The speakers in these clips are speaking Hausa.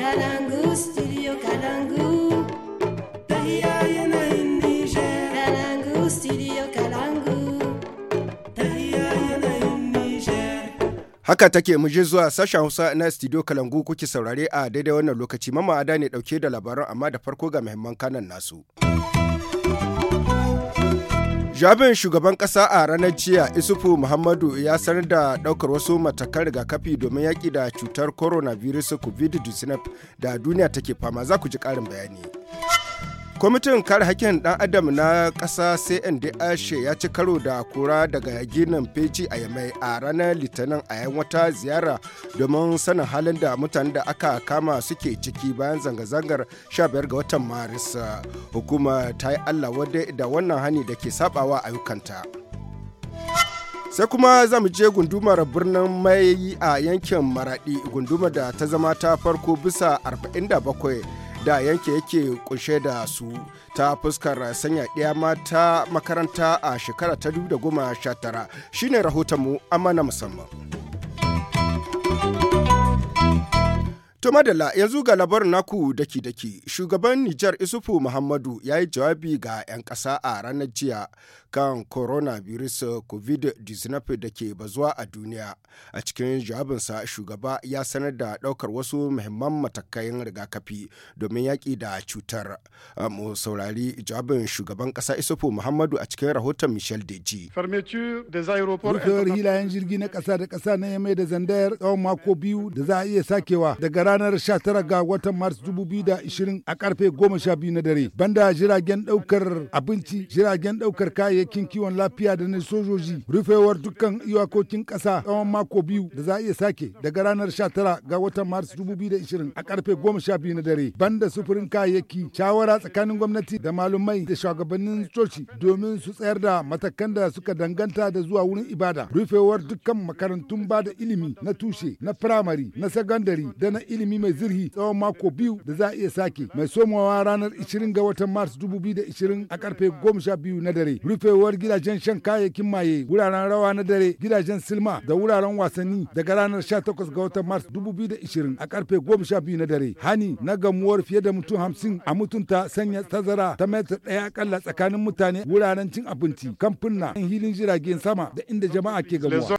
Kalangu, Haka take muje zuwa sashen Hausa na studio Kalangu kuke saurare a daidai wannan lokaci. Mama Ada ne dauke da labaran amma da farko ga muhimman kanan nasu. Jabin shugaban ƙasa a ranar jiya Isufu Muhammadu ya sanar da ɗaukar wasu matakan rigakafi domin yaƙi da cutar coronavirus COVID-19 da duniya take fama za ku ji ƙarin bayani. kwamitin kare hakkin ɗan adam na ƙasa cndh ya ci karo da kura daga ginin feci a yamai a ranar litinin a yan wata ziyara domin sanin halin da mutanen da aka kama suke ciki bayan zanga-zangar 15 ga watan maris hukuma ta yi allah wadda da wannan hani da ke sabawa ayyukanta. sai kuma za mu je gundumar birnin mai a yankin maradi gundumar da ta zama ta farko bisa 47 da yanke yake kunshe da su ta fuskar sanya ɗaya mata makaranta a shekara ta 2019 shine rahoton mu amma na musamman. To madalla yanzu ga labarin naku daki-daki shugaban Nijar Isufu Muhammadu ya yi jawabi ga 'yan ƙasa a ranar jiya kan coronavirus covid-19 da ke bazuwa a duniya. A cikin jawabinsa shugaba ya sanar da ɗaukar wasu muhimman matakan rigakafi domin yaƙi da cutar. Mu saurari jawabin shugaban ƙasa Isufu Muhammadu a cikin rahoton Michel Deji. Rufewar hilayen jirgi na ƙasa da ƙasa na Yamai da Zandayar tsawon mako biyu da za a iya sakewa daga ranar 19 ga watan Mars 2020 a karfe 12 na dare. Banda jiragen daukar abinci, jiragen daukar kayayyakin kiwon lafiya da na sojoji, rufewar dukkan iyakokin ƙasa tsawon mako biyu da za a iya sake daga ranar 19 ga watan Mars 2020 a karfe 12 na dare. Banda sufurin kayayyaki, shawara tsakanin gwamnati da malumai da shugabannin coci domin su tsayar da matakan da suka danganta da zuwa wurin ibada. Rufewar dukkan makarantun ba da ilimi na tushe, na firamare, na sakandare da na ilimi ilimi mai zirhi tsawon mako biyu da za a iya sake mai somawa ranar 20 ga watan mars 2020 a karfe 12 na dare rufewar gidajen shan kayayyakin maye wuraren rawa na dare gidajen silma da wuraren wasanni daga ranar 18 ga watan mars 2020 a karfe 12 na dare hani na gamuwar fiye da mutum hamsin a mutunta sanya tazara ta mata daya akalla tsakanin mutane wuraren cin abinci kamfuna hilin jiragen sama da inda jama'a ke gamuwa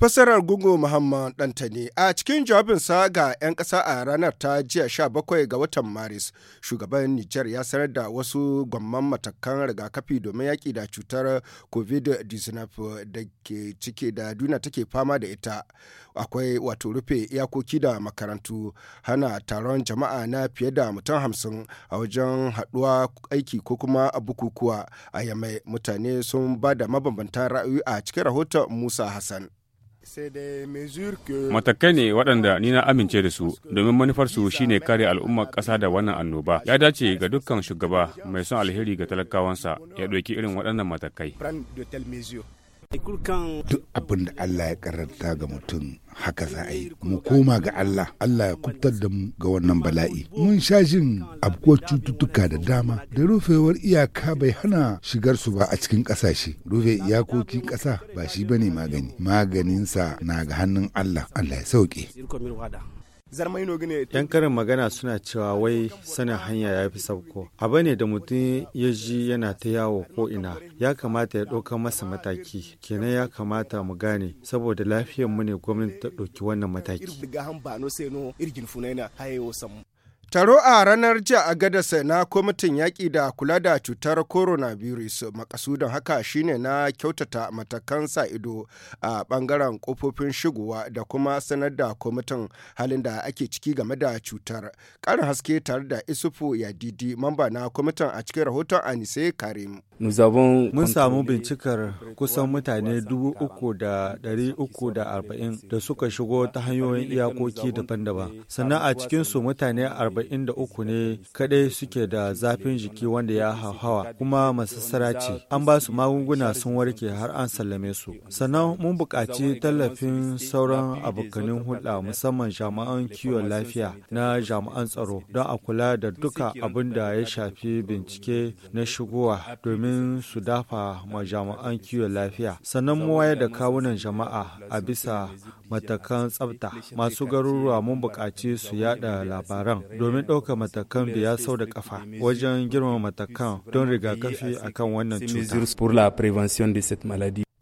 Fasarar gungun Muhammad Dantani a cikin jawabinsa ga 'yan ƙasa a ranar ta jiya 17 ga watan Maris, shugaban Nijar ya sanar da wasu gwamman matakan rigakafi domin yaƙi da cutar COVID-19 da ke cike da duniya take fama da ita. Akwai wato rufe iyakoki da makarantu, hana taron jama'a na fiye da mutum hamsin a wajen haɗuwa aiki ko kuma bukukuwa a yamai mutane sun ba da mabambantan ra'ayi a cikin rahoton Musa Hassan. Matakai ne waɗanda ni na amince da su domin manufarsu shine kare al'umma ƙasa da wannan annoba. Ya dace ga dukkan shugaba mai son alheri ga talakawansa ya ɗauki irin waɗannan matakai. Duk abin da Allah ya karanta ga mutum haka za a yi mu koma ga Allah Allah ya kubtar da mu ga wannan bala'i mun sha jin abkuwar cututtuka da dama da rufewar iyaka bai hana shigar su ba a cikin ƙasashe rufe iyakokin ƙasa ba shi bane magani maganinsa na ga hannun Allah Allah ya sauke Yan karin magana suna cewa wai sanin hanya ya fi sabko. Abu ne da mutum ya ji yana ta yawo ko ina. Ya kamata ya ɗauka masa mataki. Kenan ya kamata mu gane saboda lafiyar mu ne gwamnati ta ɗauki wannan mataki. Taro a ranar jiya a Gadasa na kwamitin yaƙi da kula da cutar coronavirus makasudin haka shine na kyautata matakan sa ido a ɓangaren ƙofofin shigowa da kuma sanar da kwamitin halin da ake ciki game da cutar. Ƙarin haske tare da Isufu ya didi mamba na kwamitin a cikin rahoton Anise Karim. Mun samu bincikar kusan mutane dubu uku da da suka shigo ta hanyoyin iyakoki daban-daban. Sannan a cikinsu mutane 40. 43 ne kadai suke da zafin jiki wanda ya hauhawa kuma masassara ce. An ba su magunguna sun warke har an sallame su. Sannan mun buƙaci tallafin sauran abokanin hulɗa musamman jami'an kiwon lafiya na jami'an tsaro don a kula da duka abin da ya shafi bincike na shigowa domin su dafa ma jami'an kiwon lafiya. Sannan mu wayar da kawunan jama'a a bisa matakan tsafta masu garuruwa mun buƙaci su yada labaran domin ɗaukar matakan da ya sau da kafa wajen girmama matakan don rigakafi akan wannan cuta.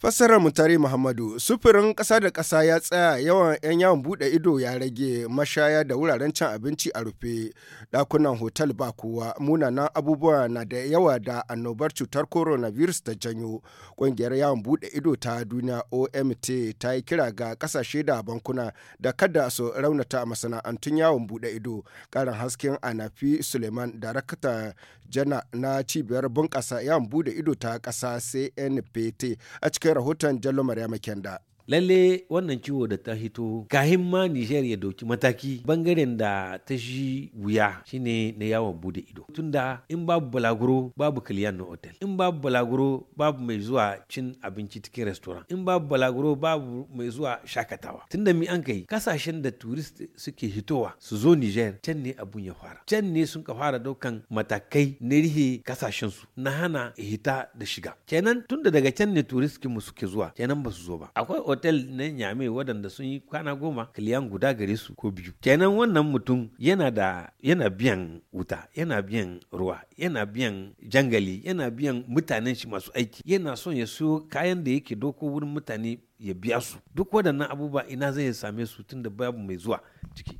Fassarar Mutare Muhammadu, sufurin ƙasa da ƙasa ya tsaya yawan 'yan yawon buɗe ido ya rage mashaya da wuraren cin abinci a rufe, ɗakunan hotel ba kowa, munanan abubuwa na da yawa da annobar cutar coronavirus ta janyo. Ƙungiyar yawon buɗe ido ta duniya OMT ta yi kira ga ƙasashe da bankuna da kada su raunata masana'antun yawon buɗe ido. Ƙarin hasken Anafi Suleiman, darakta jana na cibiyar bunƙasa yawon buɗe ido ta ƙasa CNPT a cikin rahoton Jallo Maryam Kenda. lalle wannan ciwo da ta hito kahin ma Nijar ya dauki mataki bangaren da ta shi wuya shine na yawon bude ido tunda in babu balaguro babu kiliyan na otel in babu balaguro babu mai zuwa cin abinci cikin restaurant in babu balaguro babu mai zuwa shakatawa tunda mi an kai kasashen da turist suke hitowa su zo Nijar can ne abun ya fara can ne sun ka fara daukan matakai na rihe kasashen su na hana hita da shiga kenan tunda daga can ne turist mu suke zuwa kenan ba su zo ba akwai otel na nyame wadanda sun yi kwana goma kiliyan guda gare su ko biyu kenan wannan mutum yana da yana biyan wuta yana biyan ruwa yana biyan jangali yana biyan mutanen shi masu aiki yana son ya siyo kayan da yake doko wurin mutane ya biya su duk waɗannan abubuwa ina zai same su tun da babu mai zuwa ciki.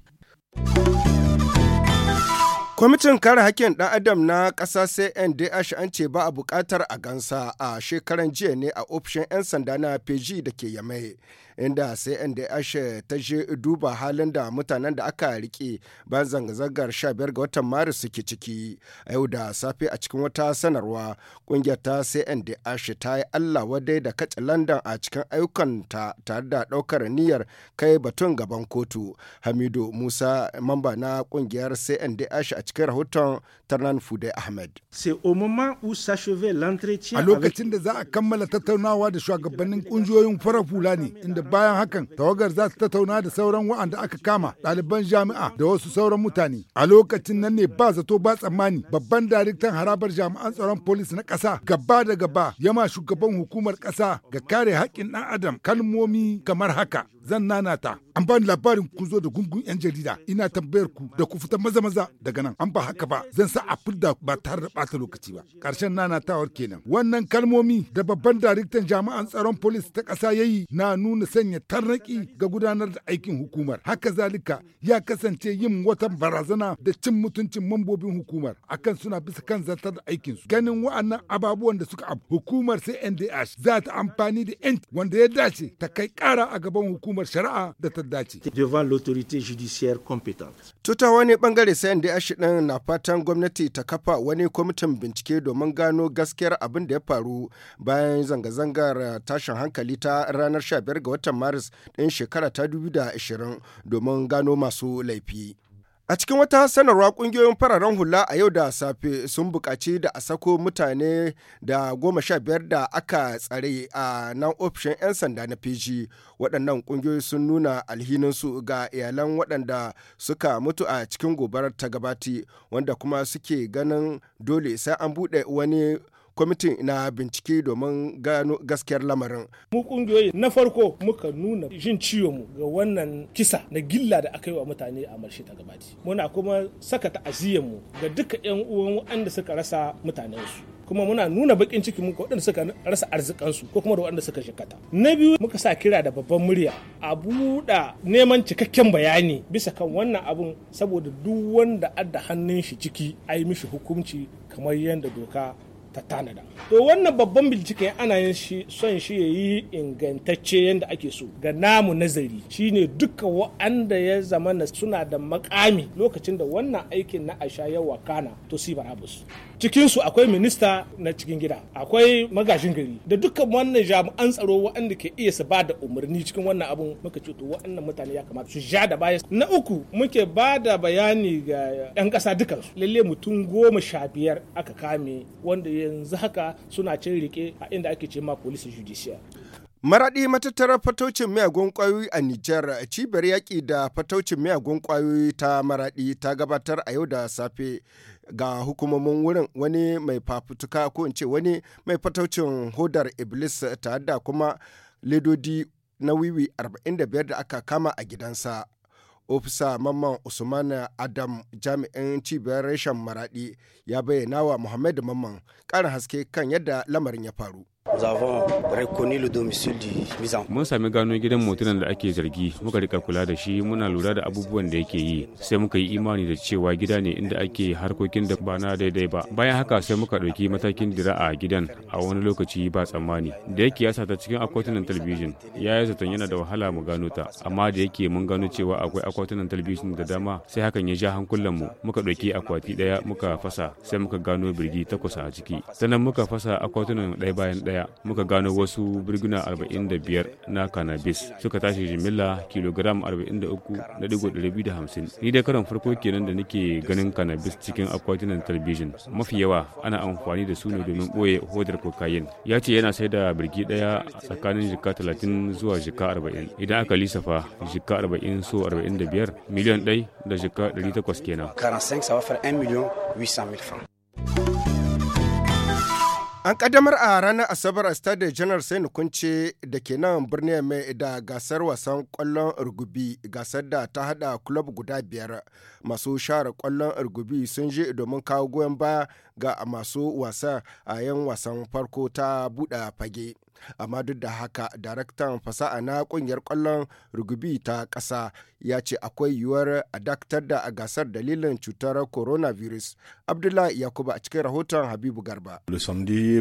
Kwamitin kare hakkin ɗan adam na ƙasa CNDH an ce ba a buƙatar a gansa a shekaran jiya ne a ofishin 'yan sanda na pg da ke Yamai, inda CNDH ta je duba halin da mutanen da aka riƙe bayan zanga-zangar 15 ga watan Maris suke ciki. A yau da safe a cikin wata sanarwa, ƙungiyar ta CNDH ta yi Allah wadai da kace London a cikin ta tare da ɗaukar niyyar kai batun gaban kotu. Hamidu Musa, mamba na ƙungiyar CNDH a cikin rahoton Tarnan Fude Ahmed. A lokacin da za a kammala tattaunawa da shugabannin kungiyoyin farar hula ne, inda bayan hakan tawagar za ta tattauna da sauran wa'anda aka kama ɗaliban jami'a da wasu sauran mutane. A lokacin nan ne ba zato ba tsammani babban daraktan harabar jami'an tsaron polis na ƙasa gaba da gaba yama shugaban hukumar ƙasa ga kare haƙƙin ɗan adam kalmomi kamar haka zan nanata an bani labarin kun zo da gungun 'yan jarida ina tambayar ku da ku fita maza maza daga nan an ba haka ba zan sa a fidda ba tare da bata lokaci ba karshen nanatawar kenan wannan kalmomi da babban daraktan jami'an tsaron polis ta ƙasa ya yi na nuna sanya tarnaki ga gudanar da aikin hukumar haka zalika ya kasance yin wata barazana da cin mutuncin mambobin hukumar akan suna bisa kan zartar da aikin su. ganin wa'annan ababuwan da suka abu hukumar sai ndh za ta amfani da 'yanci wanda ya dace ta kai kara a gaban hukumar shari'a da ta dace. Devant l'autorité Tuta wani bangare sayan da ashi ɗin na fatan gwamnati ta kafa wani kwamitin bincike domin gano gaskiyar abin da ya faru bayan zanga-zangar eh, tashin hankali ta ranar 15 ga watan Maris din shekara ta 2020 domin gano masu laifi. A cikin wata sanarwa kungiyoyin fararen hula a yau da safe sun buƙaci da a sako mutane da goma sha biyar da aka tsare a nan ofishin 'yan sanda na Fiji. Waɗannan ƙungiyoyi sun nuna alhininsu ga iyalan waɗanda suka mutu a cikin gobarar ta gabati wanda kuma suke ganin dole sai an buɗe wani kwamitin na bincike domin gano gaskiyar lamarin. Mu kungiyoyi na farko muka nuna jin ciwo mu ga wannan kisa na gilla da aka yi wa mutane a marshe ta gabati. Muna kuma saka ta'aziyyar mu ga duka 'yan uwan waɗanda suka rasa mutanensu. kuma muna nuna bakin ciki mu waɗanda suka rasa arzikansu ko kuma da waɗanda suka shikata na biyu muka sa kira da babban murya a buɗa neman cikakken bayani bisa kan wannan abun saboda duk wanda adda hannun shi ciki a yi mishi hukunci kamar yadda doka ta tanada to wannan babban bincike ana yin shi son shi ya yi ingantacce yadda ake so ga namu nazari shine duka wa'anda ya zamana suna da makami lokacin da wannan aikin na aisha ya wakana to si barabus cikinsu akwai minista na cikin gida akwai magajin gari da dukkan wannan jami'an tsaro waɗanda ke iya su ba da umarni cikin wannan abun muka ce to waɗannan mutane ya kamata su ja da baya na uku muke ba da bayani ga 'yan ƙasa su. lalle mutum goma sha biyar aka kame wanda yanzu haka suna cin rike a inda ake ce ma police judicial Maraɗi matattarar fataucin miyagun ƙwayoyi a Nijar cibiyar yaƙi da fataucin miyagun ƙwayoyi ta Maraɗi ta gabatar a yau da safe ga hukumomin wurin wani mai fafutuka ko in ce wani mai fataucin hodar iblis tare da kuma ledodi na wiwi 45 da aka kama a gidansa. ofisa mamman usman adam jami'in cibiyar reshen maradi ya bayyana wa muhammadu mamman ƙarin haske kan yadda lamarin ya faru Mun sami gano gidan mutunan da ake zargi muka rika kula da shi muna lura da abubuwan da yake yi sai muka yi imani da cewa gida ne inda ake harkokin da ba daidai ba bayan haka sai muka ɗauki matakin dira a gidan a wani lokaci ba tsammani da yake ya sata cikin akwatunan talbijin ya yi zaton yana da wahala mu gano ta amma da yake mun gano cewa akwai akwatunan talbijin da dama sai hakan ya ja hankulan mu muka ɗauki akwati ɗaya muka fasa sai muka gano birgi takwas a ciki sannan muka fasa akwatunan ɗaya bayan ɗaya daya muka gano wasu birgina 45 na cannabis suka tashi jimilla kilogram 43.250 ni dai karon farko kenan da nake ganin cannabis cikin akwatunan television mafi yawa ana amfani da su ne domin boye hodar cocaine ya ce yana sai da birgi ɗaya tsakanin jika 30 zuwa jika 40 idan aka lissafa jika 40 so 45 miliyan 1 da jika 800 kenan 45 ça va faire 1 million 800 000 francs An kaddamar a ranar Asabar a Stade Janar sai Kunce da ke nan birnin mai da gasar wasan kwallon rugubi gasar da ta hada kulob guda biyar masu share kwallon rugubi sun je domin kawo goyon baya ga masu wasa a yan wasan farko ta buɗe fage. amma duk da haka daraktan fasaha na kungiyar kwallon rugby ta ƙasa ya ce akwai yiwuwar a daktar da a gasar dalilin cutar coronavirus abdullahi yakuba a cikin rahoton habibu garba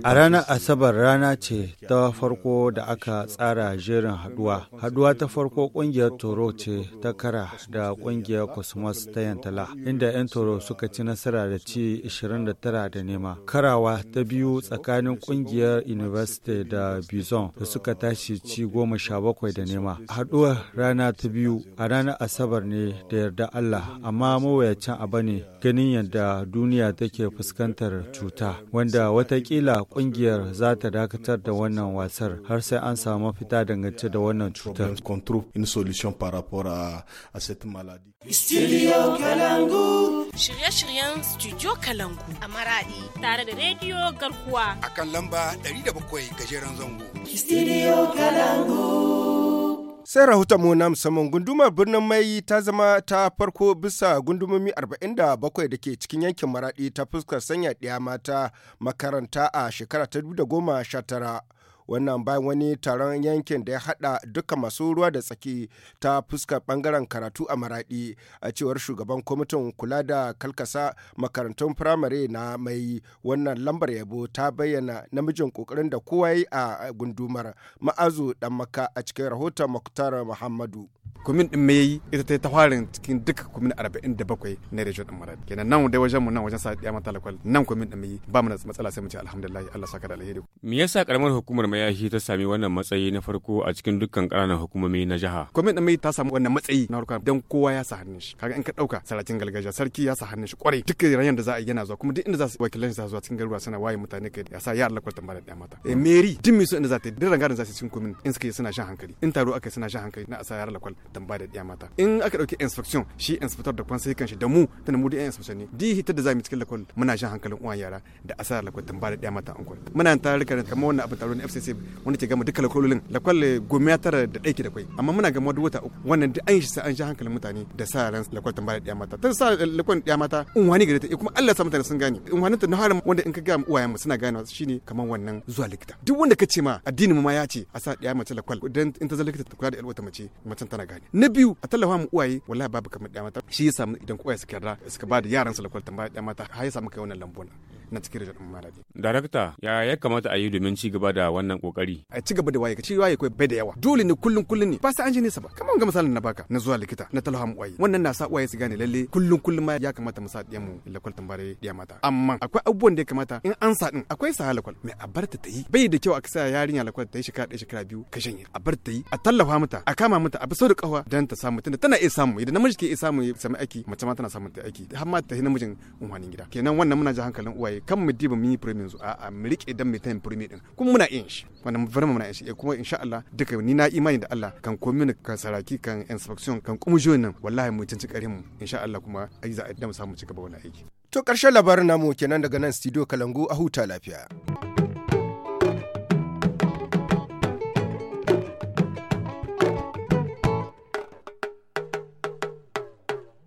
a ranar asabar rana ce ta farko da aka tsara jerin haduwa haduwa ta farko kungiyar toro ce ta kara da kungiyar cosmos ta yantala inda 'yan toro suka ci nasara da ci 29 da nema karawa ta biyu tsakanin kungiyar university da bizon da suka tashi ci goma sha bakwai da nema haɗuwar rana ta biyu a ranar asabar ne da yarda allah amma mawuyacin abu ne ganin yadda duniya take fuskantar cuta wanda watakila kungiyar za ta dakatar da wannan wasar har sai an samu fita dangance da wannan cutar Studio Kalangu. Shirye-shiryen Studio Kalangu a Maradi tare da Radio Garkuwa. A kan lamba 107 gajeren zango. Kalangu. Studio Kalangu. Sai rahoton mu na musamman gundumar birnin mai ta zama ta farko bisa gundumomi 47 da ke cikin yankin maraɗi ta fuskar sanya ɗaya mata makaranta a shekara ta 2019. wannan bayan wani taron yankin da ya hada duka masu ruwa da tsaki ta fuskar bangaren karatu a maradi a cewar shugaban kwamitin kula da kalkasa makarantun firamare na mai wannan lambar yabo ta bayyana namijin kokarin da kowa yi a gundumar ma'azu dan maka a cikin rahoton muktar muhammadu kumin din mai ita ta farin cikin duka kumin 47 na region din maradi kenan nan da wajen mu nan wajen sa ya mata lakwal nan kumin din mai ba mu da matsala sai mu ce alhamdulillah Allah saka da alheri me yasa karamar hukumar kuma ya shi ta sami wannan matsayi na farko a cikin dukkan ƙananan hukumomi na jiha. Kwamitin mai ta samu wannan matsayi na farko don kowa ya sa hannun shi. Kaga in ka ɗauka salatin gargajiya sarki ya sa hannun shi kwarai duk rayan da za a yi yana zuwa kuma duk inda za su wakilan shi za su zuwa cikin garuruwa suna waye mutane kai ya sa ya Allah lakwal tambaya da mata. Eh meri duk mai so inda za ta yi duk rangadin za su cikin komin in suka yi suna shan hankali in taro aka yi suna shan hankali na a sa Allah lakwal tambaya da mata. In aka ɗauki inspection shi inspector da kwansa kanshi da mu tana mu da yan inspection ne. Di hitar da za mu cikin lakwal muna shan hankalin uwan yara da a sa lakwal tambaya da mata an kwal. Muna tarurruka kamar wannan abin taro na FCC sai wani ke gama duka lakwalolin lakwal eh, ya tara da ɗaiki da kwai amma muna gama duk wata uku wannan duk an shi sai an sha hankalin mutane da sa ran lakwal tambaya ɗaya mata ta sa eh, lakwal ɗaya mata in wani gare ta eh, kuma Allah sa mutane sun gane in wani ta naharin wanda in ka ga uwayen mu suna gane shine kamar wannan zuwa likita duk wanda ka ce ma addinin mu ma ya ce a sa ɗaya mace lakwal dan in ta zama likita ta kula da ƴar mace macen tana gane na biyu a tallafa mu uwaye wallahi babu kamar ɗaya mata shi ya samu idan uwaye suka yarda suka ba da yaran su lakwal tambaya ɗaya mata har ya samu kai wannan lambuna na cikin rijal ɗin maradi. Darakta ya ya kamata a yi domin ci gaba da wannan kokari. A ci gaba da waye ka ci waye kai bai da yawa. Dole ne kullun kullun ne ba sai an ji nesa ba. Kamar ga misalin na baka na zuwa likita na talham waye. Wannan na sa waye su gane lalle kullun kullun ma ya kamata mu sa mu lakwal tambare diya mata. Amma akwai abubuwan da ya kamata in an sa din akwai sa lakwal mai a barta ta yi. Bai da kyau a kasa yarinya lakwal ta yi shekara ɗaya shekara biyu ka shanye. A barta ta yi a tallafa mata a kama mata a biso da kawa don ta samu tunda tana iya samu idan namiji ke iya samu ya sami aiki mace ma tana samun ta aiki har ma ta yi namijin unhwanin gida. Kenan wannan muna ji hankalin uwaye kan mu diba mini premier yanzu a mu rike dan mu tayin din kuma muna yin shi wannan vraiment muna yin shi eh, kuma insha Allah duka ni na imani da Allah kan commune kan saraki kan inspection kan kumjiyon nan wallahi mu cancanci karin mu insha Allah kuma ai za a da mu samu cigaba wannan aiki to karshen labarin namu kenan daga nan studio Kalangu a huta lafiya